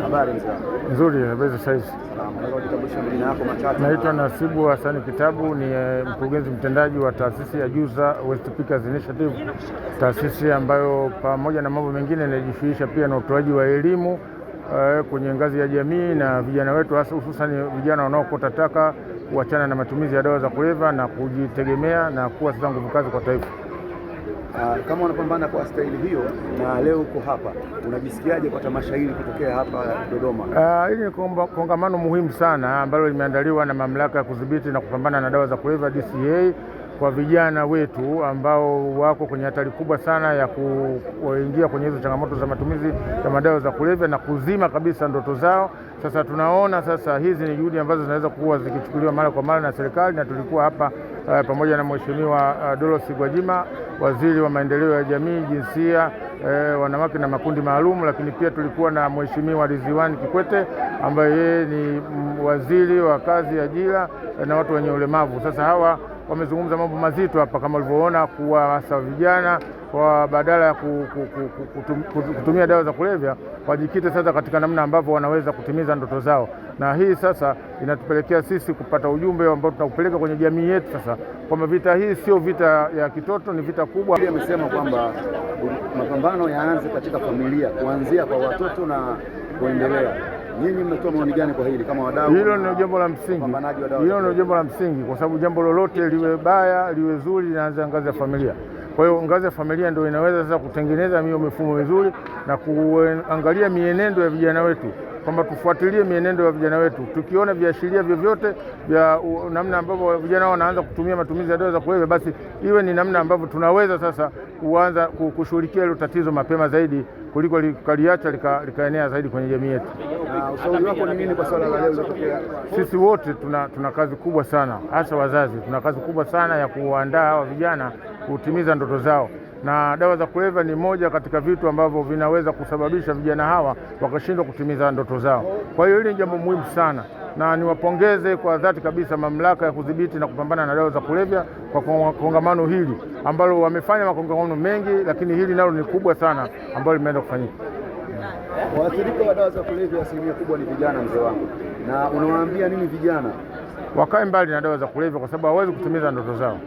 Habari mzee? Nzuri, habari za saizi. Naitwa Nasibu Hasani Kitabu, ni eh, mkurugenzi mtendaji wa taasisi ya Juza West Pickers Initiative, taasisi ambayo pamoja na mambo mengine inajishughulisha pia na utoaji wa elimu uh, kwenye ngazi ya jamii na vijana wetu, hasa hususan vijana wanaokota taka, kuachana na matumizi ya dawa za kulevya na kujitegemea na kuwa sasa nguvu kazi kwa taifa. Ah, kama unapambana kwa staili hiyo na leo uko hapa, unajisikiaje kwa tamasha hili kutokea hapa Dodoma? Ah, hili ni kongamano muhimu sana ambalo limeandaliwa na mamlaka ya kudhibiti na kupambana na dawa za kulevya DCA kwa vijana wetu ambao wako kwenye hatari kubwa sana ya kuingia kwenye hizo changamoto za matumizi ya madawa za kulevya na kuzima kabisa ndoto zao. Sasa tunaona sasa hizi ni juhudi ambazo zinaweza kuwa zikichukuliwa mara kwa mara na serikali, na tulikuwa hapa uh, pamoja na Mheshimiwa uh, eh, Dorothy Gwajima, waziri wa maendeleo ya jamii, jinsia, eh, wanawake na makundi maalum, lakini pia tulikuwa na Mheshimiwa Ridhiwani Kikwete ambaye yeye ni mm, waziri wa kazi, ajira eh, na watu wenye ulemavu. Sasa hawa wamezungumza mambo mazito hapa kama ulivyoona, hasa vijana kwa badala ya kutumia dawa za kulevya wajikite sasa katika namna ambavyo wanaweza kutimiza ndoto zao na hii sasa inatupelekea sisi kupata ujumbe ambao tunakupeleka kwenye jamii yetu sasa kwamba vita hii sio vita ya kitoto, ni vita kubwa. Amesema kwamba mapambano yaanze katika familia, kuanzia kwa watoto na kuendelea. Nyinyi mmetoa maoni gani kwa hili kama wadau? Hilo ni jambo la msingi, hilo ni jambo la msingi, kwa sababu jambo lolote liwe baya liwe zuri linaanza ngazi ya familia. Kwa hiyo ngazi ya familia ndio inaweza sasa kutengeneza mio mifumo mizuri na kuangalia mienendo ya vijana wetu kwamba tufuatilie mienendo ya vijana wetu, tukiona viashiria vyovyote vya namna ambavyo vijana wanaanza kutumia matumizi ya dawa za kulevya, basi iwe ni namna ambavyo tunaweza sasa kuanza kushughulikia hilo tatizo mapema zaidi kuliko likaliacha likaenea lika zaidi kwenye jamii yetu. Ushauri wako ni nini kwa swala la leo? Sisi wote tuna, tuna kazi kubwa sana, hasa wazazi, tuna kazi kubwa sana ya kuandaa hawa vijana kutimiza ndoto zao na dawa za kulevya ni moja katika vitu ambavyo vinaweza kusababisha vijana hawa wakashindwa kutimiza ndoto zao. Kwa hiyo hili ni jambo muhimu sana, na niwapongeze kwa dhati kabisa mamlaka ya kudhibiti na kupambana na dawa za kulevya kwa kongamano hili ambalo wamefanya makongamano mengi, lakini hili nalo ni kubwa sana ambalo limeenda kufanyika. Waathirika wa dawa za kulevya asilimia kubwa ni vijana, mzee wangu, na unawaambia nini vijana? Wakae mbali na dawa za kulevya kwa sababu hawawezi kutimiza ndoto zao.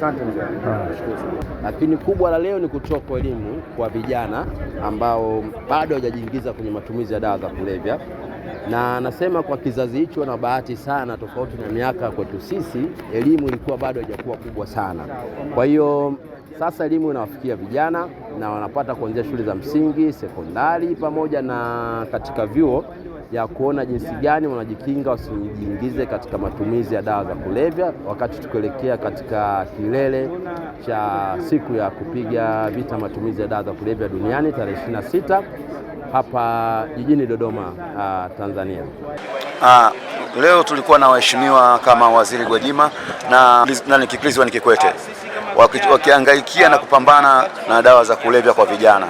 Asante mzee. Ah. Nashukuru sana. Lakini kubwa la leo ni kutoa kwa elimu kwa vijana ambao bado hawajajiingiza kwenye matumizi ya dawa za kulevya, na anasema kwa kizazi hicho, na bahati sana, tofauti na miaka kwetu sisi, elimu ilikuwa bado haijakuwa kubwa sana. Kwa hiyo sasa elimu inawafikia vijana na wanapata kuanzia shule za msingi, sekondari, pamoja na katika vyuo ya kuona jinsi gani wanajikinga wasijiingize katika matumizi ya dawa za kulevya, wakati tukielekea katika kilele cha siku ya kupiga vita matumizi ya dawa za kulevya duniani tarehe 26 hapa jijini Dodoma, ah, Tanzania. Ah. Leo tulikuwa na waheshimiwa kama Waziri Gwajima na, na Nikikrizwani Kikwete wakiangaikia na kupambana na dawa za kulevya kwa vijana.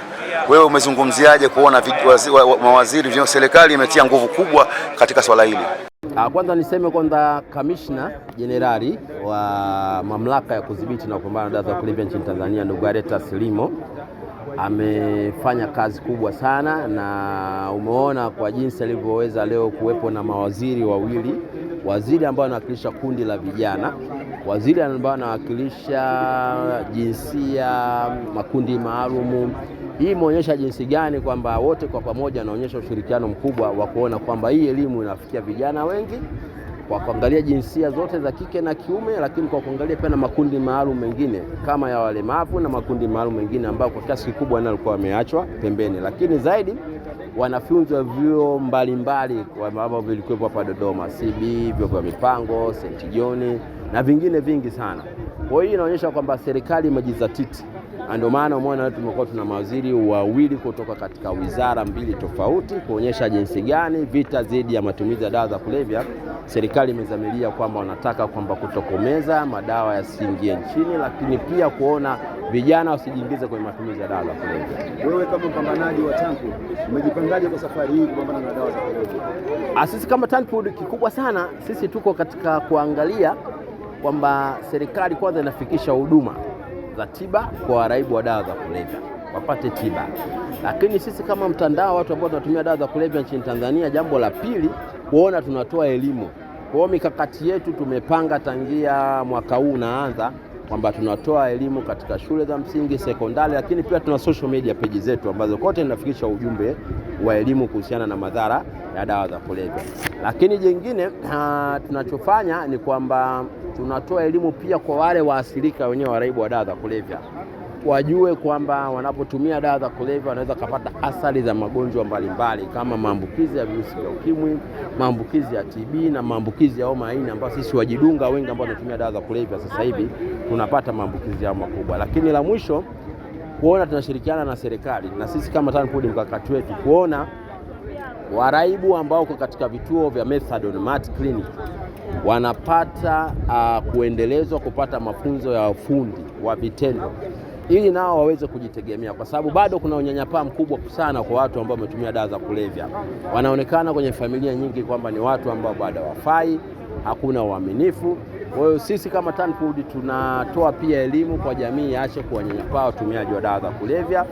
Wewe umezungumziaje kuona mawaziri, serikali imetia nguvu kubwa katika swala hili? Ah, kwanza niseme kwamba kamishna jenerali wa mamlaka ya kudhibiti na kupambana na dawa za kulevya nchini Tanzania ndugu Areta Silimo amefanya kazi kubwa sana, na umeona kwa jinsi alivyoweza leo kuwepo na mawaziri wawili, waziri ambao anawakilisha kundi la vijana, waziri ambao anawakilisha jinsia, makundi maalumu. Hii imeonyesha jinsi gani kwamba wote kwa pamoja wanaonyesha ushirikiano mkubwa wa kuona kwamba hii elimu inafikia vijana wengi kwa kuangalia jinsia zote za kike na kiume, lakini kwa kuangalia pia na makundi maalum mengine kama ya walemavu na makundi maalum mengine ambayo kwa kiasi kikubwa alikuwa wameachwa pembeni, lakini zaidi wanafunzi wa vyuo mbalimbali ambavyo vilikuwepo hapa Dodoma, CB, vyuo vya mipango, St. John na vingine vingi sana. Kwa hiyo inaonyesha kwamba serikali imejizatiti na ah, ndio maana umeona leo tumekuwa tuna mawaziri wawili kutoka katika wizara mbili tofauti kuonyesha jinsi gani vita dhidi ya matumizi ya dawa za kulevya serikali imezamilia kwamba wanataka kwamba kutokomeza madawa yasiingie nchini, lakini pia kuona vijana wasijiingize kwenye matumizi ya dawa za kulevya. Wewe kama mpambanaji wa Tanpud umejipangaje kwa safari hii kupambana na dawa za kulevya? Ah, sisi kama Tanpud, kikubwa sana sisi tuko katika kuangalia kwamba serikali kwanza inafikisha huduma za tiba kwa waraibu wa dawa za kulevya wapate tiba. Lakini sisi kama mtandao, watu ambao tunatumia dawa za kulevya nchini Tanzania, jambo la pili, kuona tunatoa elimu. Kwa mikakati yetu tumepanga tangia mwaka huu unaanza kwamba tunatoa elimu katika shule za msingi, sekondari, lakini pia tuna social media page zetu ambazo kote tunafikisha ujumbe wa elimu kuhusiana na madhara ya dawa za kulevya. Lakini jingine uh, ah, tunachofanya ni kwamba tunatoa elimu pia kwa wale waathirika wenyewe waraibu wa dawa za kulevya wajue kwamba wanapotumia dawa za kulevya wanaweza kupata athari za magonjwa mbalimbali kama maambukizi ya virusi vya ukimwi, maambukizi ya TB na maambukizi ya homa ya ini, ambayo sisi wajidunga wengi ambao wanatumia dawa za kulevya sasa hivi tunapata maambukizi yao makubwa. Lakini la mwisho, kuona tunashirikiana na serikali na sisi kama TANPOD, mkakati wetu kuona waraibu ambao kwa katika vituo vya methadone mat clinic wanapata uh, kuendelezwa kupata mafunzo ya ufundi wa vitendo ili nao waweze kujitegemea, kwa sababu bado kuna unyanyapaa mkubwa sana kwa watu ambao wametumia dawa za kulevya. Wanaonekana kwenye familia nyingi kwamba ni watu ambao bado wafai hakuna uaminifu. Kwa hiyo sisi kama Tanpud tunatoa pia elimu kwa jamii, yaache kuwanyanyapaa watumiaji wa dawa za kulevya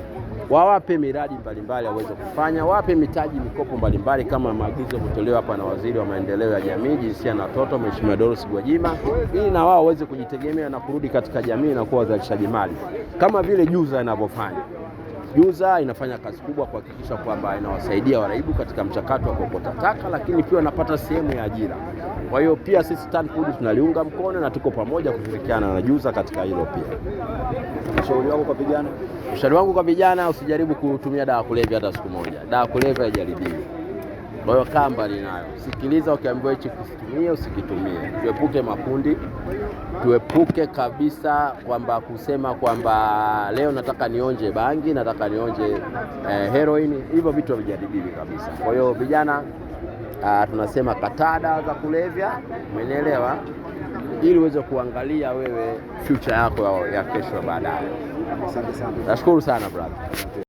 wawape miradi mbalimbali waweze kufanya, wawape mitaji, mikopo mbalimbali kama maagizo kutolewa hapa na Waziri wa Maendeleo ya Jamii, Jinsia na Watoto, Mheshimiwa Dorothy Gwajima, ili na wao waweze kujitegemea na kurudi katika jamii na kuwa wazalishaji mali kama vile Juza anavyofanya. JUZA inafanya kazi kubwa kuhakikisha kwamba inawasaidia waraibu katika mchakato wa kuokota taka, lakini pia wanapata sehemu ya ajira. Kwa hiyo pia sisi Tanfood tunaliunga mkono na tuko pamoja kushirikiana na JUZA katika hilo pia. Ushauri wangu kwa vijana, ushauri wangu kwa vijana, usijaribu kutumia dawa kulevya hata siku moja. Dawa kulevya haijaribiwi. Kwa hiyo kaa mbali nayo, sikiliza. Ukiambiwa hichi kusitumie, usikitumie. Tuepuke makundi, tuepuke kabisa kwamba kusema kwamba leo nataka nionje bangi, nataka nionje eh, heroini. Hivyo vitu havijadiliwi kabisa. Kwa hiyo vijana, uh, tunasema kataa dawa za kulevya, umenielewa, ili uweze kuangalia wewe future yako ya kesho baadaye. Nashukuru sana brother.